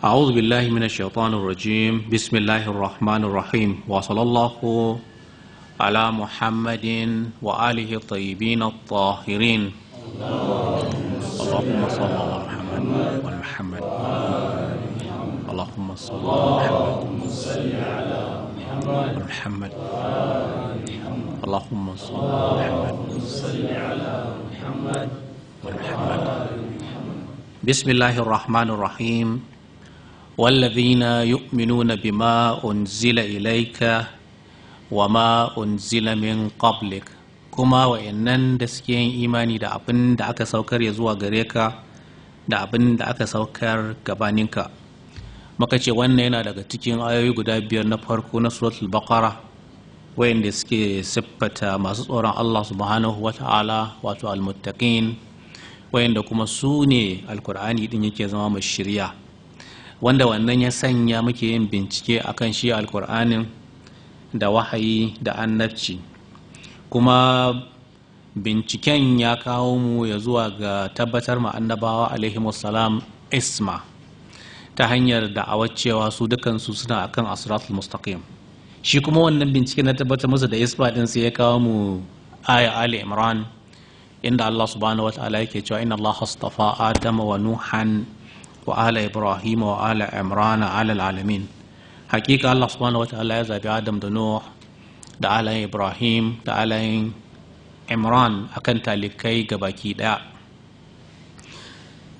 أعوذ بالله من الشيطان الرجيم بسم الله الرحمن الرحيم وصلى الله على محمد وآله الطيبين الطاهرين اللهم صل على محمد وآل محمد اللهم صل على محمد محمد اللهم صل على محمد محمد بسم الله الرحمن الرحيم والذين يؤمنون بما أنزل ilaika وما أنزل من قبلك kuma wa'annan da suke yin imani da abin da aka saukar ya zuwa gare ka da abin da aka saukar gabaninka maka ce wannan yana daga cikin ayoyi guda biyar na farko na suratul baqara wayanda suke siffata masu tsoron Allah subhanahu wata'ala wato almuttaqin wayanda kuma su ne alkur'ani din yake zama mai shirya wanda wannan ya sanya muke yin bincike akan shi alkur'anin da wahayi da annabci kuma binciken ya kawo mu ya zuwa ga tabbatar ma annabawa alaihimussalam isma ta hanyar da'awar cewa su dukansu suna akan asiratul mustaqim shi kuma wannan bincike na tabbatar masa da isma din sai ya kawo mu aya ali imran inda Allah subhanahu wa ta'ala yake cewa inna Allah astafa adama wa nuhan wa ala ibrahim wa ala imran ala alamin hakika Allah subhanahu wataala ya zabi Adam da Nuh da ala Ibrahim da ala Imran akan talikai ga baki daya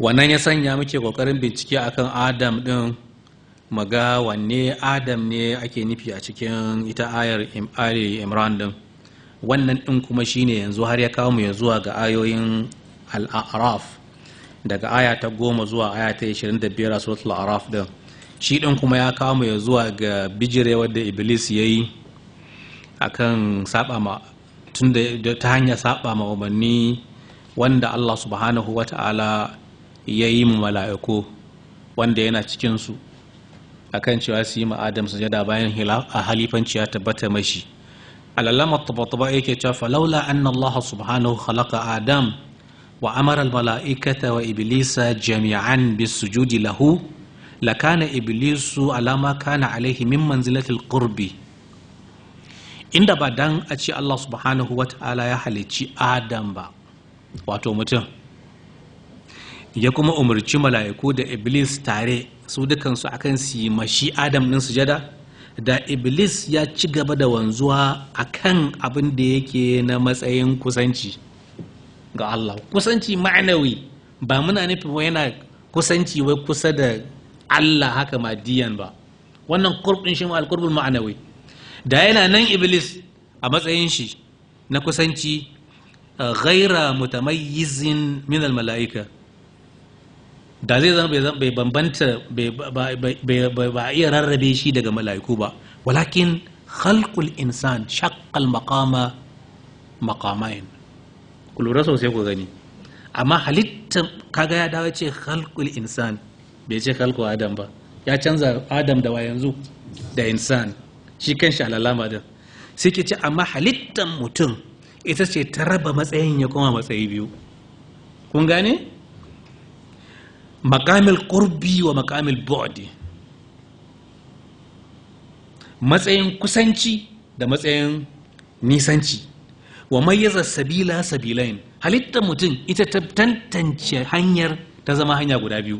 wannan ya sanya muke kokarin bincike akan Adam din maga wanne Adam ne ake nufi a cikin ita ayar imari Imran din wannan din kuma shine yanzu har ya kawo mu zuwa ga ayoyin Al-A'raf daga aya ta goma zuwa aya ta ishirin da biyar a suratul araf din shi din kuma ya kama ya zuwa ga bijire wadda iblis ya yi akan saba ta hanyar saba ma umarni wanda allah subhanahu wa ta'ala ya yi mu mala'iku wanda yana cikinsu akan cewa su yi ma adam sujada bayan a halifanci ya tabbata mashi alalama tabataba yake cewa falaula annan allah subhanahu khalaqa adam wa وأمر الملائكة وإبليس جميعا بالسجود له لكان إبليس على ما كان عليه من منزلة القرب inda ba dan a ce Allah subhanahu wa ta'ala ya halicci Adam ba wato mutum ya kuma umarci malayaku da Iblis tare su dukansu akan su mashi Adam din sujada da Iblis ya ci gaba da wanzuwa akan abin da yake na matsayin kusanci ga Allah kusanci ma'anawi ba muna nufin yana kusanci wai kusa da Allah haka madiyan ba wannan kurbin shi alkurbul ma'anawi da yana nan iblis a matsayin shi na kusanci eh, ghaira mutamayyizin min mala'ika da zai zama bai bambanta ba iya rarrabe shi daga mala'iku ba walakin khalqul insan shaqqal maqama maqamain ku lura sosai ku gani amma halittar kaga ya dawo ce halkul insan bai ce halkul adam ba ya canza adam da wa yanzu da insan shi kan shi alalama din sai ce amma halittar mutum ita ce ta raba matsayin ya koma matsayi biyu kun gane makamil kurbi wa makamil bodi matsayin kusanci da matsayin nisanci وميز السبيل سبيلين هل انت متن تنشي حنير تزما حنيا غدا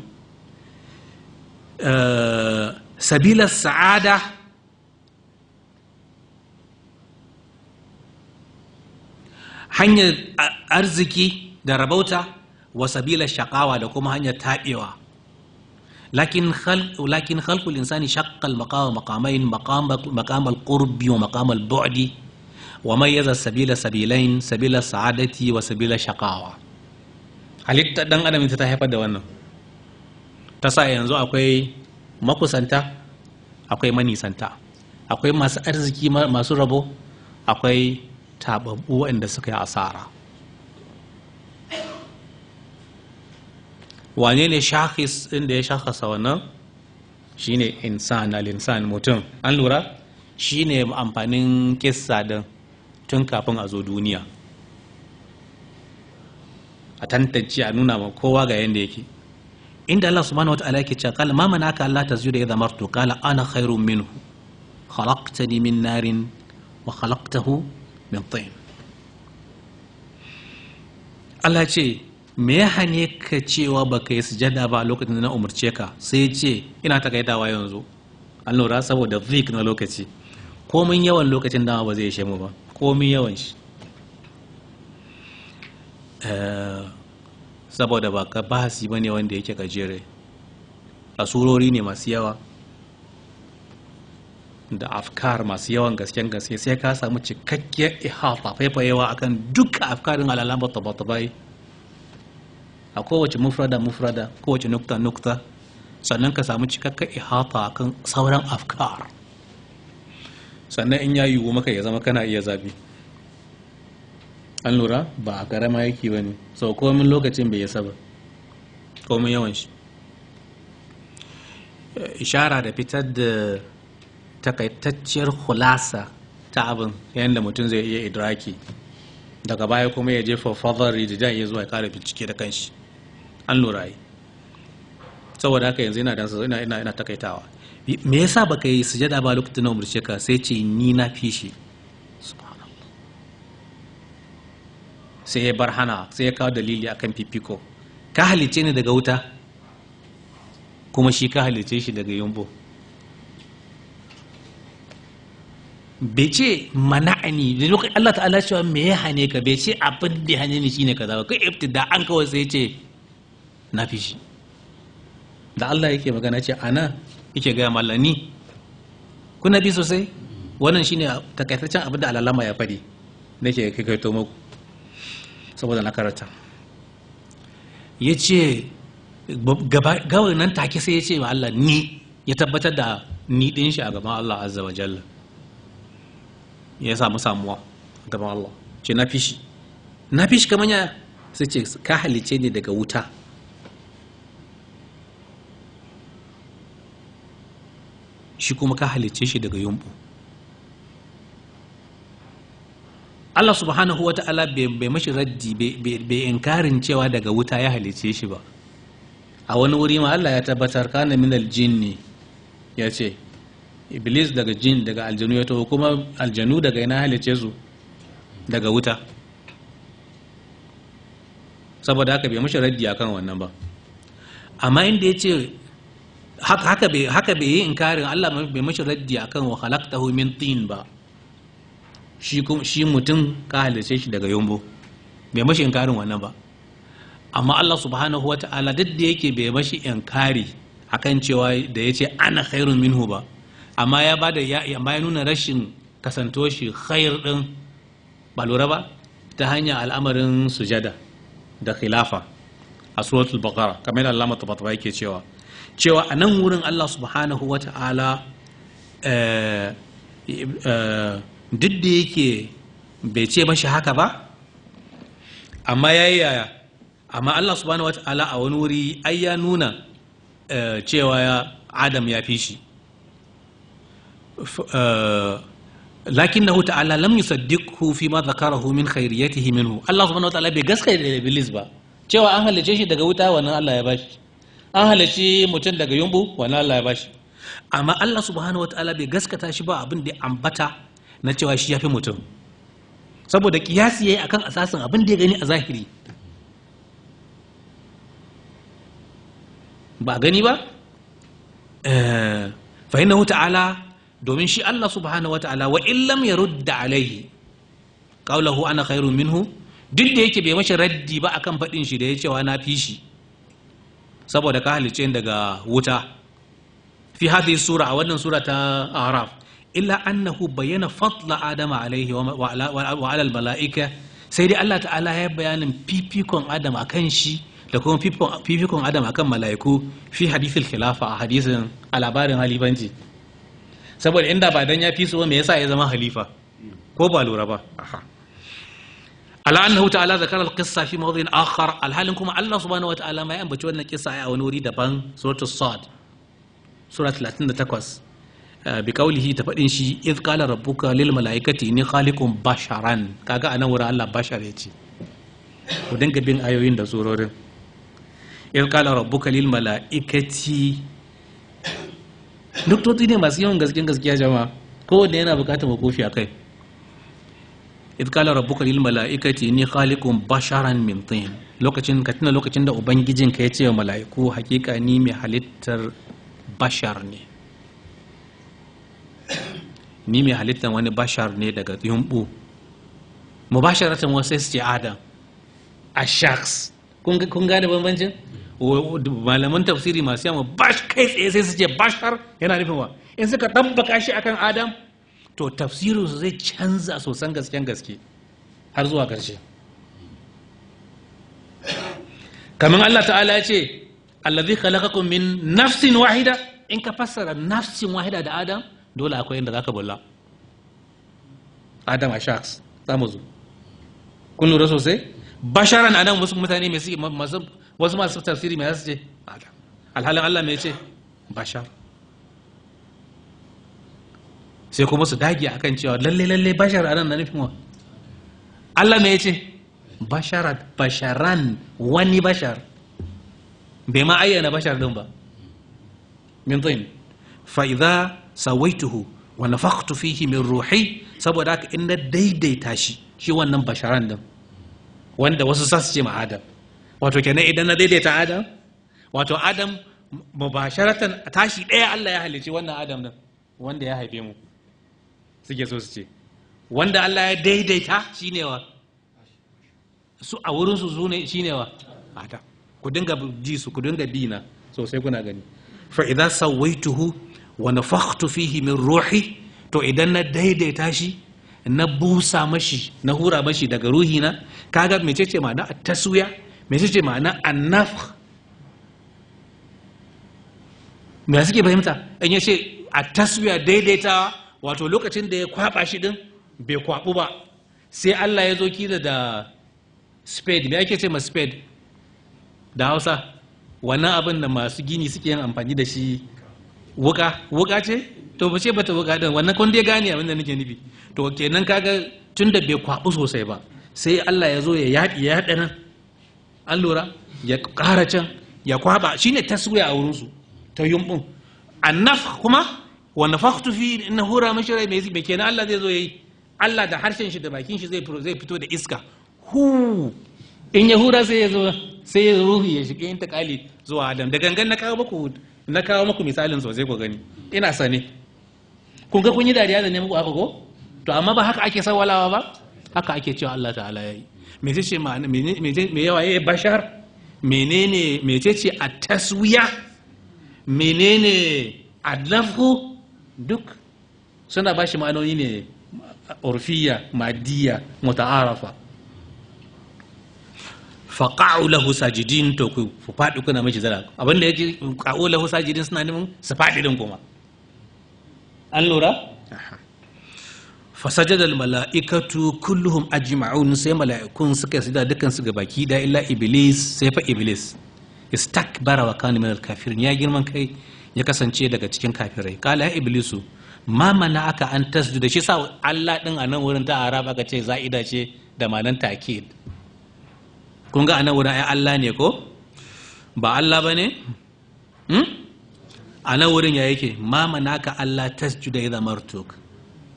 آه، سبيل السعادة حنيا أرزكي دربوتا وسبيل الشقاوة لكم حنيا تائيوة لكن خلق لكن خلق الانسان شق المقام مقامين مقام مقام القرب ومقام البعد wa mayyaza sabila sabilain sabila sa'adati wa sabila shaqawa halitta dan adam ta haifar da wannan ta sa yanzu akwai makusanta akwai manisanta akwai masu arziki masu rabo akwai tababbu wanda suka yi asara wane ne ɗin da ya shakasa wannan shine insan al-insan mutum an lura shine amfanin kissa din tun kafin a zo duniya a tantance a nuna ma kowa ga yadda yake inda Allah subhanahu wataala yake cewa kala ma manaka Allah ya zama to kala ana khairun minhu khalaqtani min narin wa khalaqtahu min tin Allah ce me ya hane ka cewa baka yi sujada ba lokacin da na umarce ka sai ce ina ta takaitawa yanzu an lura saboda zik na lokaci mun yawan lokacin dama ba zai ishe mu ba komi yawan shi eh, saboda ba ka basi ba ne wanda yake gajere a surori ne masu yawa da afkar masu yawan gasken gaske sai ka samu cikakke ihafa faifayewa akan duka afkarin alalan bai a kowace mufrada mufrada kowace nukta nukta sannan ka samu cikakkiyar ihafa akan sauran afkar sannan in ya yiwu maka ya zama kana iya zabi an lura ba a karama yake ba ne sau komin lokacin bai yasa ba komin yawan shi ishara da fitar da takaitacciyar hulasa ta abin yadda mutum zai iya idraki daga baya kuma ya jefa fadar rijijan ya zuwa ya kara bincike da kanshi an lura yi saboda haka yanzu ina takaitawa me yasa baka yi sujada ba lokacin na umurce ka sai ce ni na fi shi sai ya bar hana sai ya kawo dalili akan fifiko ka halice ni daga wuta kuma shi ka halice shi daga yumbo bai ce mana'ani da lokacin Allah ta'ala cewa me ya hane ka bai ce abin da hane ni shine kaza ba kai ibtida an kawai sai ce na fi shi da Allah yake magana ce ana yake gaya mallani kuna bi sosai wannan shine takaitaccen abin da alalama ya fadi nake kakaito muku saboda na karanta ya ce gawar nan take sai ya ce wa Allah ni ya tabbatar da ni ɗin shi a gaban Allah azza wa jalla ya samu samuwa gaban Allah ce na fishi na fishi kamar ya sai ce ka halice ne daga wuta shi kuma ka halicce shi daga yumbu Allah subhanahu wa ta'ala bai mashi raddi bai inkarin cewa daga wuta ya halicce shi ba a wani wuri ma Allah ya tabbatar kana min ne ya ce iblis daga jin daga aljanu ya taho kuma aljanu daga ina halicce su daga wuta saboda haka bai mashi raddi akan wannan ba amma inda ya ce haka bai haka bai inkarin Allah bai raddi akan wa khalaqtahu min tin ba shi shi mutum ka halice shi daga yombo bai mashi inkarin wannan ba amma Allah subhanahu wa ta'ala duk da yake bai mashi inkari akan cewa da ya ce ana khairun minhu ba amma ya bada ya amma ya nuna rashin kasanto shi khair din ba lura ba ta hanyar al'amarin sujada da khilafa a suratul baqara kamar da Allah matabbata yake cewa cewa a nan wurin Allah subhanahu wa ta'ala eh, eh, duk da yake bai ce mashi haka ba amma ya yi yaya amma Allah subhanahu wa ta'ala a wani wuri ai ya nuna eh, cewa adam ya fi shi lakinnahu ta'ala lam yusaddiqhu fi ma dhakarahu min khairiyatihi minhu Allah subhanahu wa ta'ala bai gaskata da Iblis ba cewa an halice shi daga wuta wannan Allah ya bashi an halarci mutum daga yumbu wani Allah ya bashi amma Allah subhanahu wataala bai gaskata shi ba abin da ambata na cewa shi ya fi mutum saboda kiyasi yayi akan asasin abin da ya gani a zahiri ba gani ba eh, fa ta'ala domin shi Allah subhanahu wataala wa illam yarudda alaihi qawluhu ana khairun minhu duk da yake bai mashi raddi ba akan faɗin shi da ya cewa na fi shi saboda ka halice daga wuta fi hadhihi sura a wannan sura ta araf illa annahu bayyana fadla adama alaihi wa ala malaika sai dai Allah ta'ala ya bayanin fifikon adam akan shi da kuma fifikon adam akan mala'iku fi hadithil khilafa a hadisin a labarin halifanci saboda inda ba dan ya fi su me yasa ya zama halifa ko ba lura ba ala annahu ta'ala zakara al-qissa fi mawdhin akhar alhalin kuma Allah subhanahu wa ta'ala ma ya ambaci wannan kissa a wani wuri daban suratul sad sura 38 eh, bi qawlihi ta fadin shi iz qala rabbuka lil malaikati inni khaliqun basharan kaga anan wurin Allah bashar ya ce ku dinga bin ayoyin da surorin iz qala rabbuka lil malaikati duk ne masu yawan gaskiyan gaskiya jama'a kowanne yana bukatar makofi a kai idh qala rabbuka lil mala'ikati inni khaliqun basharan min tin lokacin ka tuna lokacin da ubangijinka ya ce mala'iku hakika ni mai bashar ne ni mai halittar wani bashar ne daga yumbu mubasharatan wasu su ce adam a shaks kun gane bambancin malaman tafsiri masu yawa bash kai tsaye sai su bashar yana nufin wa in suka ɗabbaka shi akan adam to su zai canza sosan gasken gaske har zuwa ƙarshe kamar Allah ta'ala ya ce allazi khalaqakum min nafsin wahida in ka fassara nafsin wahida da adam dole akwai inda zaka bulla adam a shaks za zo kun lura sosai basharan adam wasu mutane mai wasu masu tafsiri mai zasu ce adam alhalin Allah mai ce bashar sai kuma su dage akan cewa lalle lalle bashar anan na nufin wa Allah me yace basharat basharan wani bashar bai ma ayyana bashar din ba min tin fa idza sawaituhu wa nafakhtu fihi min ruhi saboda haka in daidaita shi shi wannan basharan din wanda wasu sa ce ma adam wato kenan idan na daidaita adam wato adam mubasharatan tashi ɗaya Allah ya halicci wannan adam din wanda ya haife mu suke so su ce wanda Allah ya daidaita shine wa su a wurin su sune shine wa mata ku dinga ji su ku dinga bi na sai kuna gani fa idza sawaituhu wa nafakhtu fihi min ruhi to idan na daidaita shi na busa mashi na hura mashi daga ruhi na kaga mecece ma'ana taswiya mecece ma'ana annafkh me suke fahimta in yace a taswiya daidaitawa wato lokacin da ya kwaba shi din bai kwabu ba sai Allah ya zo kila da spade me ake ce ma spade da Hausa wannan abin da masu gini suke yin amfani da shi wuka wuka ce to ba ce bata wuka din wannan kun dai gane abin da nake nufi to kenan kaga tun da bai kwabu sosai ba sai Allah ya zo ya yaɗi ya yaɗa nan an lura ya ƙara can ya kwaba shine taswiya a wurinsu ta yumbun annaf kuma wanda nafakhtu fi na hura mashi rai mai kenan Allah zai zo yi. Allah da harshen shi da bakin shi zai fito da iska hu in ya hura sai ya zo sai ya ruhu ya shiga yin takali zuwa Adam da gangan na kawo muku na kawo muku misalin sosai ku gani ina sane kun ga kun yi dariya da ne muku aka ko to amma ba haka ake sawalawa ba haka ake cewa Allah ta'ala yayi me ce ma'ana me yawa yayi bashar menene ce a taswiya menene adlafu duk suna ba shi ma'anoni ne urfiya madiya muta'arafa faqa'u lahu sajidin to ku faɗi kuna miji zara abin da yake qa'u lahu sajidin suna neman su faɗi din kuma an lura fasajada mala'ikatu kulluhum ajma'un sai mala'ikun suka sida dukkan su gabaki da illa iblis sai fa iblis istakbara wa kana min al-kafirin ya girman kai ya kasance daga cikin kafirai kala ya iblisu ma mana aka an tasjuda shi sa Allah din a nan wurin ta arab aka ce za'ida ce da malan takid kun ga a nan wurin ai Allah ne ko ba Allah ba ne hmm? a nan wurin ya yake ma mana aka Allah tasjuda idza martuk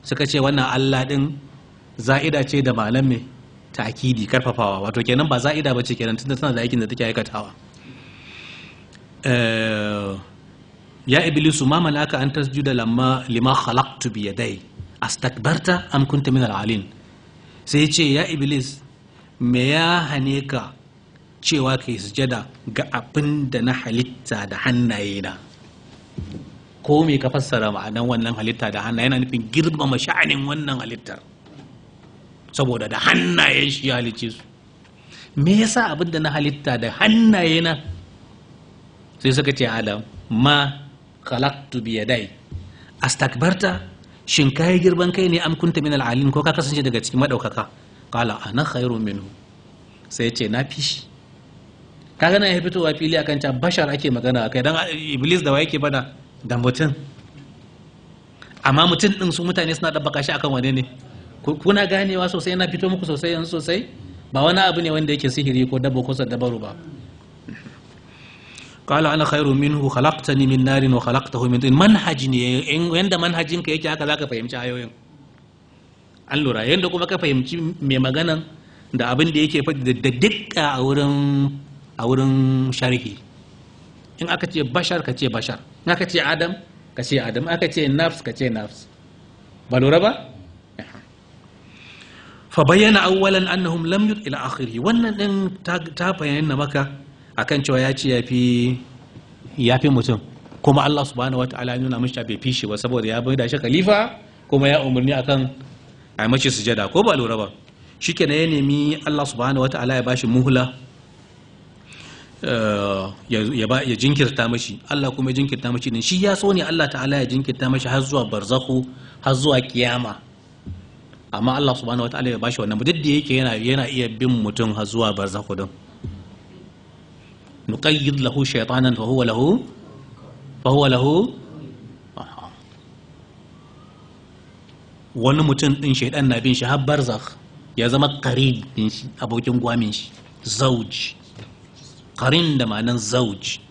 suka ce wannan Allah din za'ida ce da malan me takidi karfafawa wato kenan ba za'ida ba ce kenan tunda tana da aikin da take aikatawa eh, ya iblisu ma malaka an tasjuda lamma lima khalaqtu bi yaday astakbarta am kunta min al'alin sai ya ce ya iblis me ya hane ka cewa ka yi sujada ga abinda na halitta da hannaye na ko me ka fassara ma'anan wannan halitta da hannaye na nufin girmama sha'anin wannan halittar saboda da hannayen shi ya halicce su me yasa abin da na halitta da hannaye na sai suka ce adam ma khalaqtu bi yaday astakbarta shin kai girban kai ne am kunta min alalin ko ka kasance daga cikin madaukaka qala ana khairu minhu sai ce na fi shi kaga na ya fitowa fili akan ta bashar ake magana kai dan iblis da waye ke bada da mutum amma mutum din su mutane suna dabbaka shi akan wane ne kuna ganewa sosai na fito muku sosai yanzu sosai ba wani abu ne wanda yake sihiri ko dabo ko sadabaru ba qala ana khairu minhu khalaqtani min narin wa khalaqtahu min tin manhaji ne yanda manhajin ka yake haka zaka fahimci ayoyin an lura yanda kuma ka fahimci mai magana da abin da yake faɗi da dukka a wurin a wurin sharhi in aka ce bashar ka ce bashar in aka ce adam ka ce adam aka ce nafs ka ce nafs ba lura ba fa bayyana awwalan annahum lam yut ila akhirih wannan din ta bayyana maka akan cewa ya ce ya fi mutum kuma Allah subhanahu wa ta'ala nuna mashi abin fishi ba saboda ya bai da shi khalifa kuma ya umarni a kan a mace sujada ko ba lura ba shikenan ya nemi Allah subhanahu wa ta'ala ya shi muhula, eh, ya jinkirta mashi Allah kuma ya jinkirta mashi ne, shi ya so ne Allah ta'ala ya jinkirta mashi har zuwa barzakhu har zuwa kiyama amma Allah subhanahu wa ta'ala ya bashi wannan duk da yake yana iya bin mutum har zuwa barzakhu din nuqayyid lahu shaytanan fa huwa lahu fa huwa lahu wani mutum din shaidan na bin shi har barzakh ya zama qarin din shi abokin gwamin shi zauj qarin da ma'anan zauj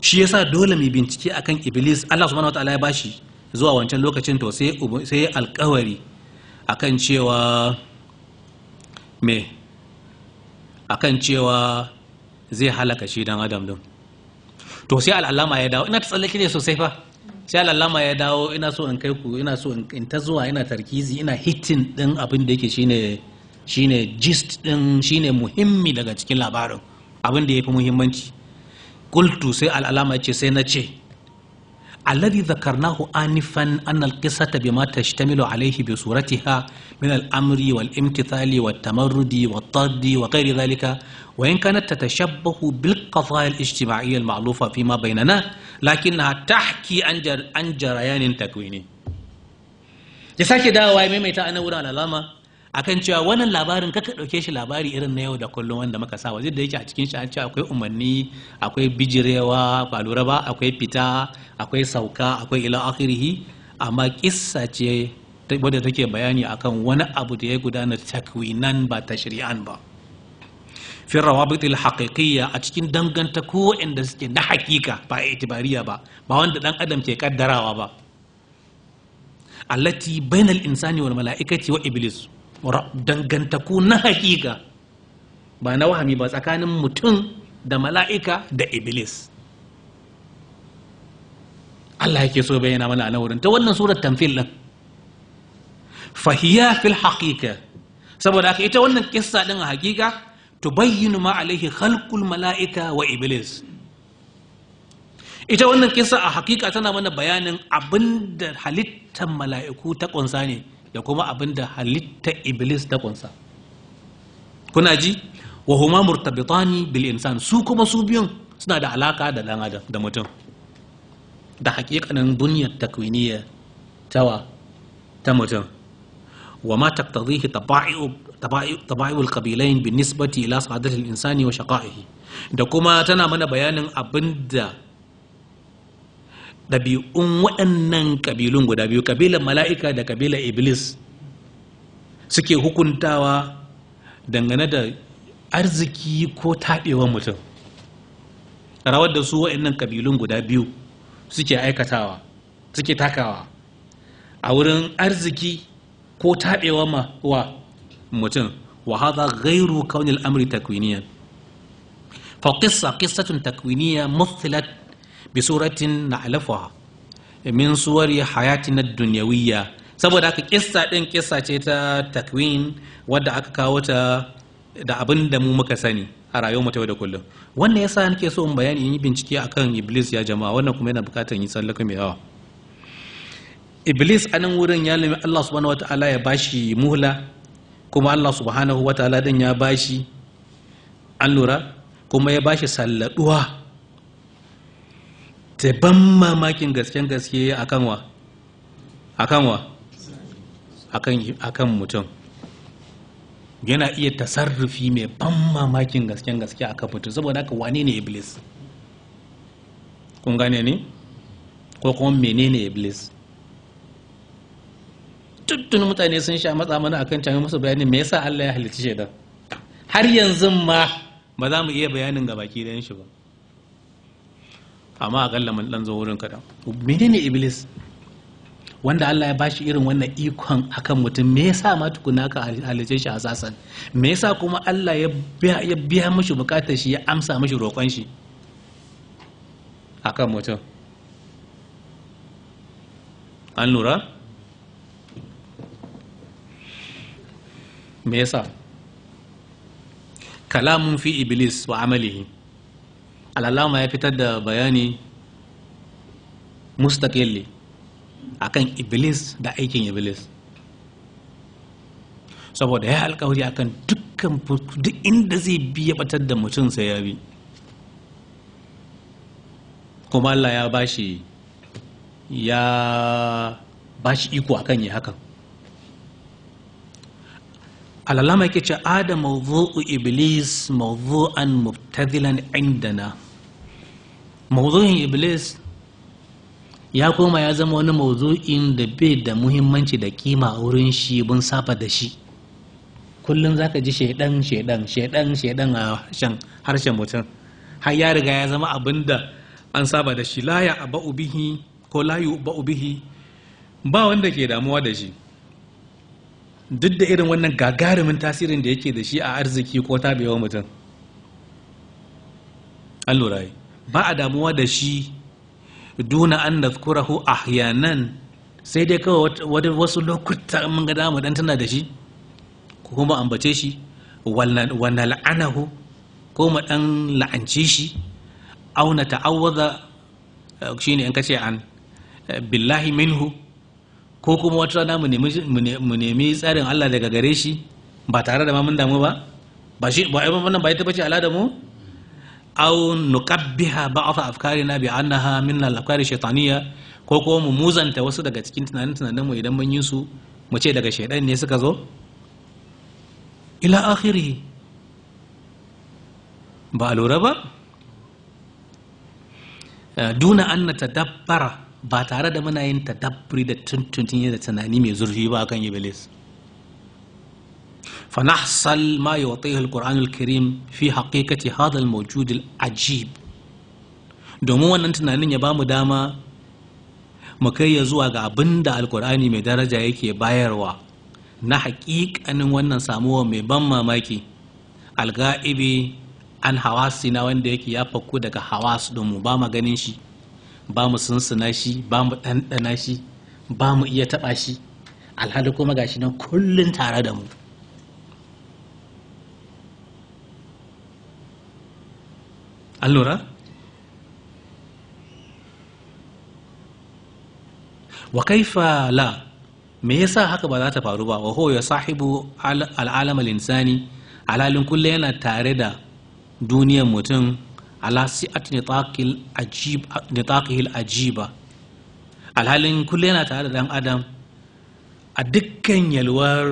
shi yasa dole mai bincike akan iblis Allah subhanahu wataala ya bashi zuwa wancan lokacin to sai sai alƙawari akan cewa me akan cewa zai halaka shi dan adam din to sai al'alama ya dawo ina ta tsallake ne sosai fa sai al'alama ya dawo ina so in kai ku ina so in ta zuwa ina tarkizi ina hitin din abin da yake shine shine gist din shine muhimmi daga cikin labarin abin da yafi muhimmanci kultu sai al'alama ya ce sai na ce الذي ذكرناه آنفا أن القصة بما تشتمل عليه بصورتها من الأمر والامتثال والتمرد والطرد وغير ذلك وإن كانت تتشبه بالقضايا الاجتماعية المعروفة فيما بيننا لكنها تحكي عن جر... عن جريان تكويني. جساك وايمي ميتا أنا ورا لاما akan cewa wannan labarin kaka ɗauke shi labari irin na yau da kullum wanda muka sa waje da yake a cikin shi an ce akwai umarni akwai bijirewa ba lura ba akwai fita akwai sauka akwai ila akhirihi amma kissa ce wadda take bayani akan wani abu da ya gudana takwinan ba ta shari'an ba fi rawabit al-haqiqiyya a cikin danganta ko inda suke na hakika ba itibariya ba ba wanda dan adam ke kaddarawa ba allati bainal insani wal mala'ikati wa iblis dangantaku na hakika ba na wahami ba tsakanin mutum da mala'ika da iblis Allah yake so bayyana mana a ta wannan surar tamfil din fahiya fil haqiqa saboda haka ita wannan kissa ɗin a hakika tubayyinu ma alaihi khalqul mala'ika wa iblis ita wannan kissa a hakika tana mana bayanin abinda halittar mala'iku ta ƙunsa ne da kuma abinda halitta iblis ta kunsa kuna ji wa huma murtabitani bil insan su kuma su biyun suna da alaka da dan adam da mutum da hakikanin duniyar takwiniya tawa ta mutum wa ma taqtadhihi al qabilain bi nisbati ila sa'adati al insani wa shaqa'ihi da kuma tana mana bayanin abinda ɗabi'un waɗannan ƙabilun guda biyu ƙabilar mala'ika da ƙabilar iblis suke hukuntawa dangane da arziki ko taɓewar mutum rawar da su waɗannan ƙabilun guda biyu suke aikatawa suke takawa a wurin arziki ko taɓewar wa mutum wa haza gairu kaunil amri takwiniyan fa qissa takwiniya muthilat bisuratin na alafuwa min suwari hayati na duniyawiyya, saboda aka kissa ɗin kissa ce ta takwin wadda aka kawo ta da abin da mu muka sani a rayuwar ta yau da kullum wannan yasa nake so in bayani in yi bincike akan iblis ya jama'a wannan kuma yana bukatar yi tsallaka mai yawa iblis a nan wurin ya nemi Allah subhanahu wataala ya bashi muhla kuma Allah subhanahu wataala din ya bashi an kuma ya bashi salladuwa ta ban mamakin gasken gaske a kanwa a kanwa a kan mutum yana iya tasarrufi mai ban mamakin gasken gaske a kan mutum saboda haka wane ne iblis kun gane ne ko kuma menene iblis tuttun mutane sun sha matsa mana akan can musu bayanin me yasa Allah ya halicci shaidan har yanzu ma ba za mu iya bayanin gabaki baki shi ba amma akalla mun dan zo wurin kaɗan menene iblis wanda Allah ya bashi irin wannan ikon akan mutum me yasa ma tukuna ka halice shi asasan me yasa kuma Allah ya biya mashi bukatar shi ya amsa mashi roƙon shi akan mutum an lura me yasa kalamun fi iblis wa amalihi alalama ya fitar da bayani a akan iblis da aikin iblis saboda ya alkawari akan dukkan duk inda zai biya batar da mutum sai ya bi kuma Allah ya bashi ya bashi iko akan yi hakan alalama yake ce adam mawdu'u iblis mawdu'an mubtazilan indana mawuzohin iblis ya koma ya zama wani mawuzo'in da bai da muhimmanci da kima a wurin shi bun safa da shi kullum za ka ji shaidan shaidan shaidan shaidan a harshen mutum har ya riga ya zama abin da an saba da shi laya a ba'ubihi ko layu ba'ubihi ba wanda ke damuwa da shi duk da irin wannan gagarumin tasirin da yake da shi a arziki ko tabewa mutum an lura yi ba a damuwa da shi duna an nazkurahu ahyanan sai dai kawai wasu lokuta mun ga dama dan tana da shi ko mu ambace shi wa la'anahu? ko mu dan la'ance shi aw na ta'awwadha eh, shine in kace an eh, billahi minhu ko kuma wata rana mu nemi tsarin Allah daga gare shi ba tare da ma mun damu ba ba shi ba wannan ba ita bace ala da mu aw nukabbiha afkari afkarina bi annaha min al-afkari ko ko mu muzanta wasu daga cikin tunanin tunanin mu idan mun yi su mu ce daga shaidan ne suka zo ila akhiri ba lura ba duna an na ba tare da muna yin dabbari da tuntuntun da tunani mai zurfi ba kan iblis فنحصل ما يعطيه القرآن الكريم في حقيقة هذا الموجود العجيب domin wannan tunanin ya bamu dama mu kai ya zuwa ga abinda da alkur'ani mai daraja yake bayarwa na haƙiƙanin wannan samuwa mai ban mamaki alga'ibi an hawasina na wanda yake ya fakku daga hawas mu ba mu ganin shi ba mu sunsuna shi ba mu ɗanɗana shi ba mu iya taɓa shi alhali kuma gashi nan kullum tare da mu Allora? Wa kaifa la me yasa haka ba za ta faru ba wa ya sahibu al'alam al alalin kulle yana tare da duniyar mutum ala si'at nitaqihil ajiba alhalin kulle yana tare da ɗan adam a dukkan yalwar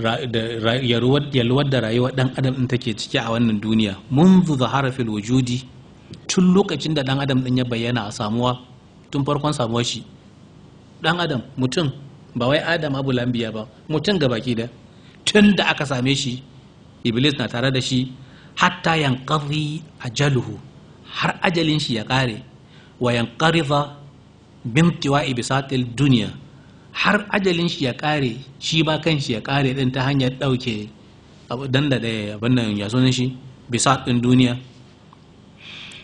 yalwar da rayuwar dan adam din take ciki a wannan duniya munzu zahara fil wujudi tun lokacin da dan adam din ya bayyana a samuwa tun farkon samuwar shi dan adam mutum ba wai adam abu lambiya ba mutum ga baki da tun da aka same shi iblis na tare da shi hatta yanqadhi ajaluhu har ajalin shi ya kare wa yanqariza bintiwa ibisatil duniya har ajalin shi ya kare shi ba kan shi ya kare din ta hanyar ɗauke dan da abin nan ya zo shi bisa din duniya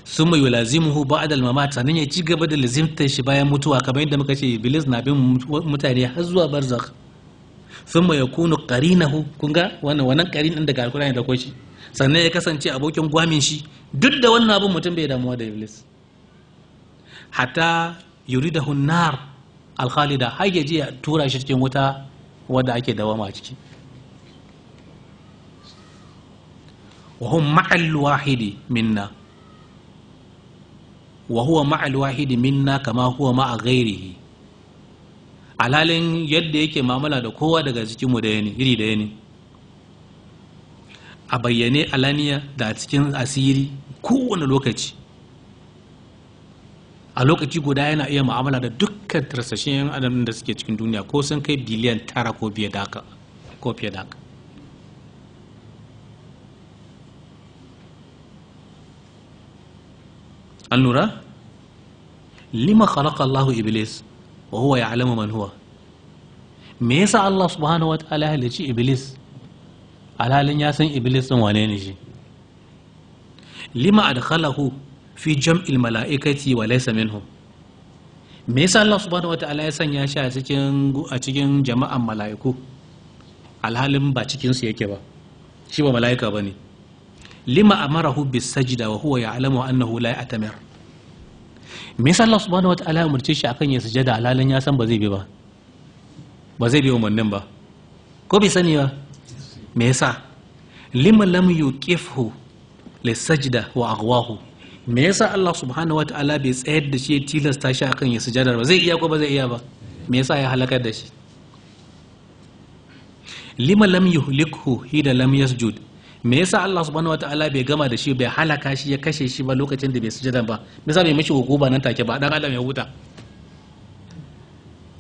sun yulazimuhu ba'da ba mamat sanin ya ci gaba da lazimtar shi bayan mutuwa kamar yadda muka ce iblis na bin mutane har zuwa barzakh sun yakunu qarinahu kun ga wannan wannan qarin din daga alkurani da koshi sannan ya kasance abokin gwamin shi duk da wannan abin mutum bai damuwa da iblis hatta yuridahu nar alkhalida har ya je ya tura shi cikin wuta wadda ake dawama a ciki wa hum ma'al wahidi minna wa huwa ma'al wahidi minna kama huwa ma'a ghairihi alalin yadda yake mamala da kowa daga cikinmu da yani iri da yani a bayyane alaniya da cikin asiri kowane lokaci a lokaci guda yana iya mu'amala da dukkan tarsashen yan adam da suke cikin duniya ko sun kai biliyan tara ko fiye da an lura lima khalaqa Allahu iblis wa huwa ya'lamu man huwa me yasa Allah subhanahu wataala ya halici iblis alhalin ya san iblis din wane ne shi lima adkhalahu fi jam'il mala'ikati wa laysa minhum me yasa Allah subhanahu wata'ala ya sanya shi a cikin a cikin jama'an mala'iku alhalin ba cikin su yake ba shi ba mala'ika bane lima amarahu bis sajda wa huwa ya'lamu annahu la ya'tamir me yasa Allah subhanahu wata'ala ya umurce shi akan ya sujada alhalin ya san ba zai bi ba ba zai bi umarnin ba ko bai sani ba me yasa lima lam yuqifhu lis wa aghwahu me yasa Allah subhanahu ta'ala bai tsayar da shi ya tilasta shi akan ya sujada ba zai iya ko ba zai iya ba me yasa ya halakar da shi lima lam yuhlikhu hida lam yasjud me yasa Allah subhanahu ta'ala bai gama da shi bai halaka shi ya kashe shi ba lokacin da bai sujada ba me yasa bai mishi hukuma nan take ba dan Allah ya huta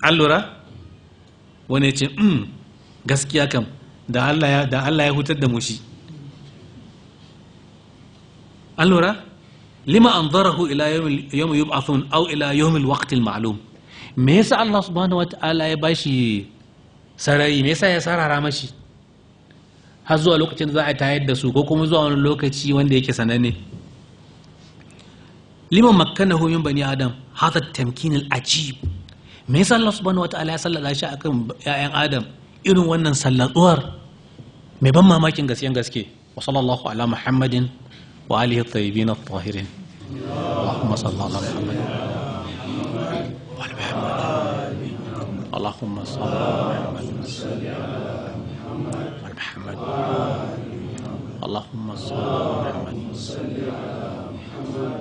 an lura wani ya ce mm, gaskiya kam da Allah ya hutar da mu shi an lura lima anzarahu ila yawmi yub'athun aw ila yawmil waqtil ma'lum me yasa Allah subhanahu wata'ala ya bashi sarari me yasa ya sarara mashi har zuwa lokacin da za a tayar da su ko kuma zuwa wani lokaci wanda yake sananne liman makkanahu min bani adam hadha tamkin al-ajib me yasa Allah subhanahu wata'ala ya sallala shi akan 'ya'yan adam irin wannan sallatsuwar mai ban mamakin gaske gaske wa ala muhammadin وآله الطيبين الطاهرين اللهم صل على محمد وعلى محمد اللهم صل على محمد وعلى محمد اللهم صل على محمد وعلى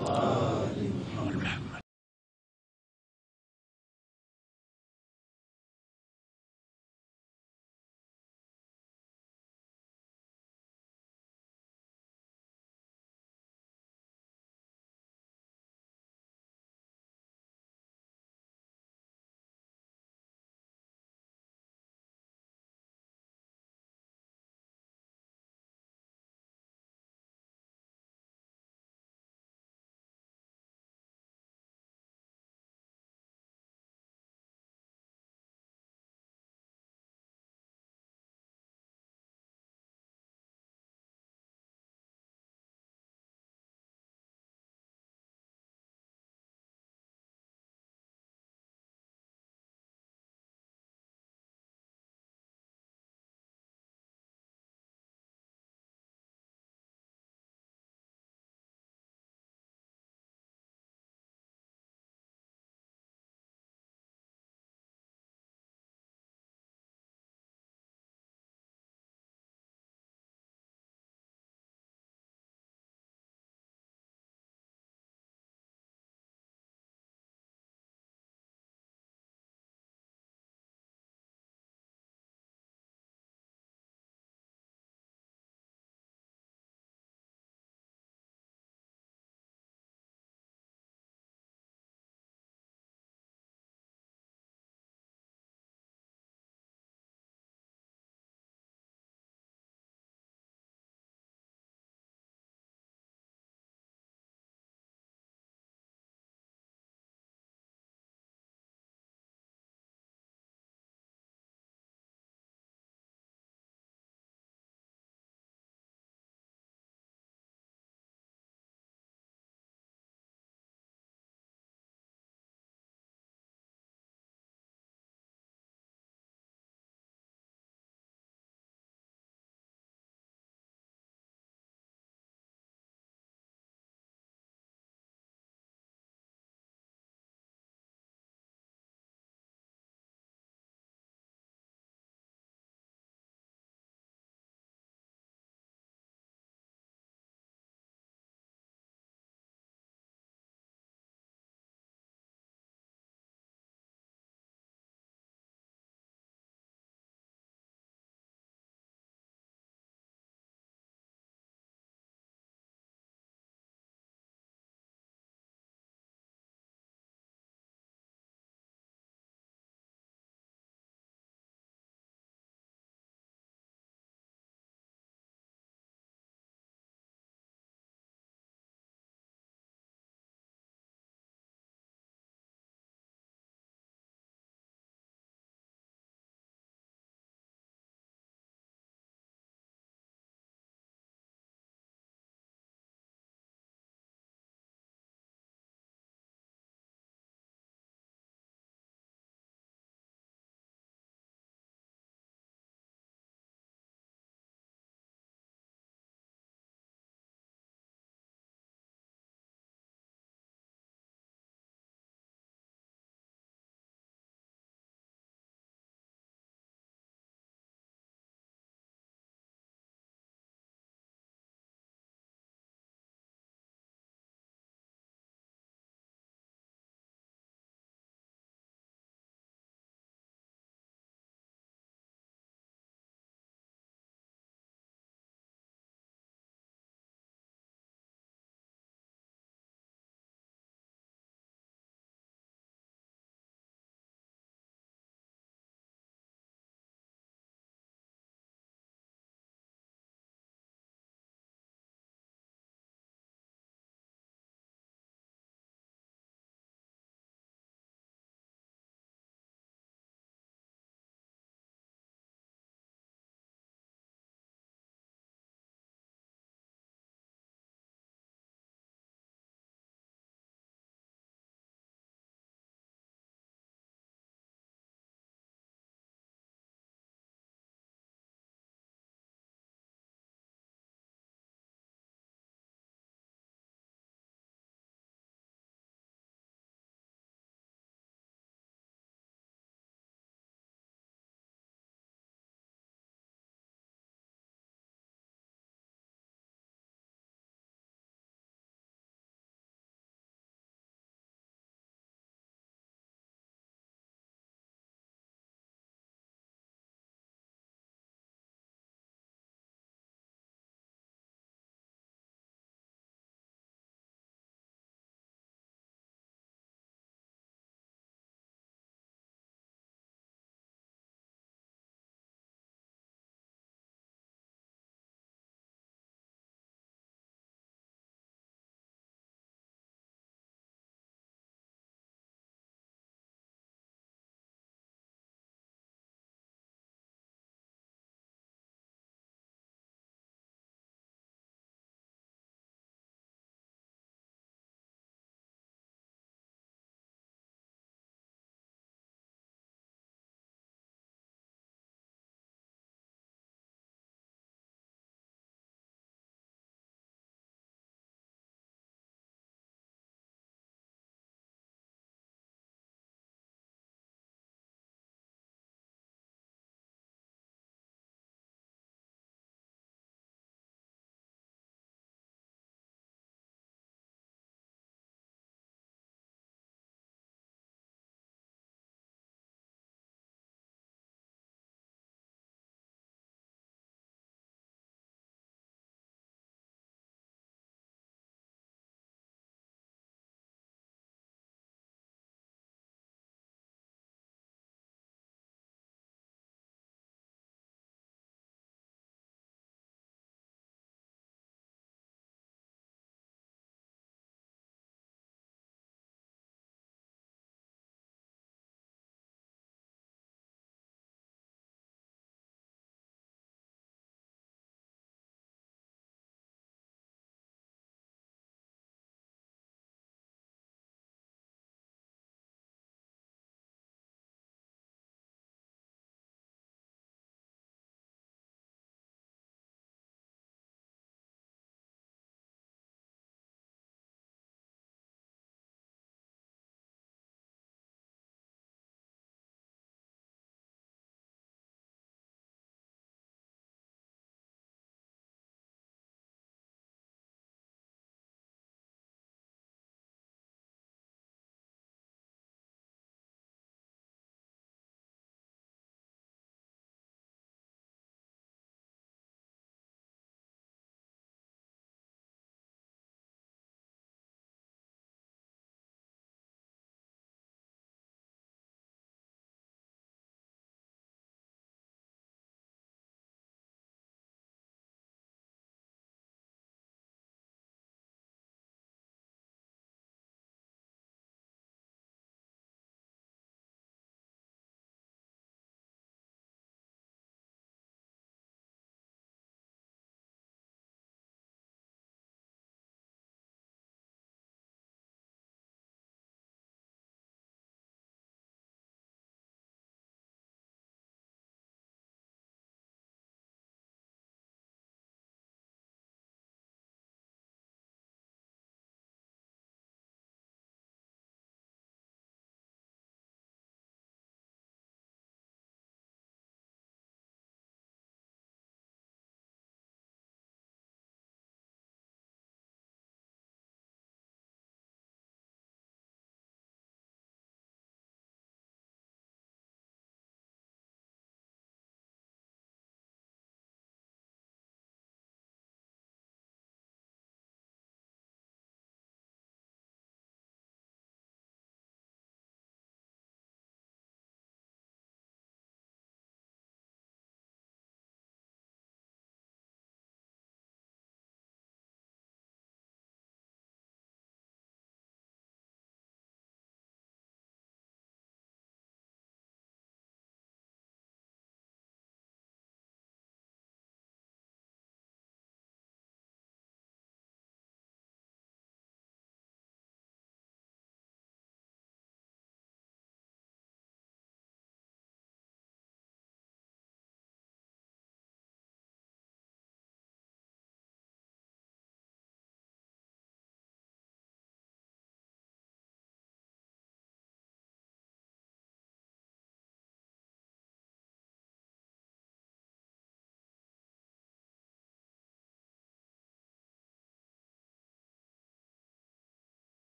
محمد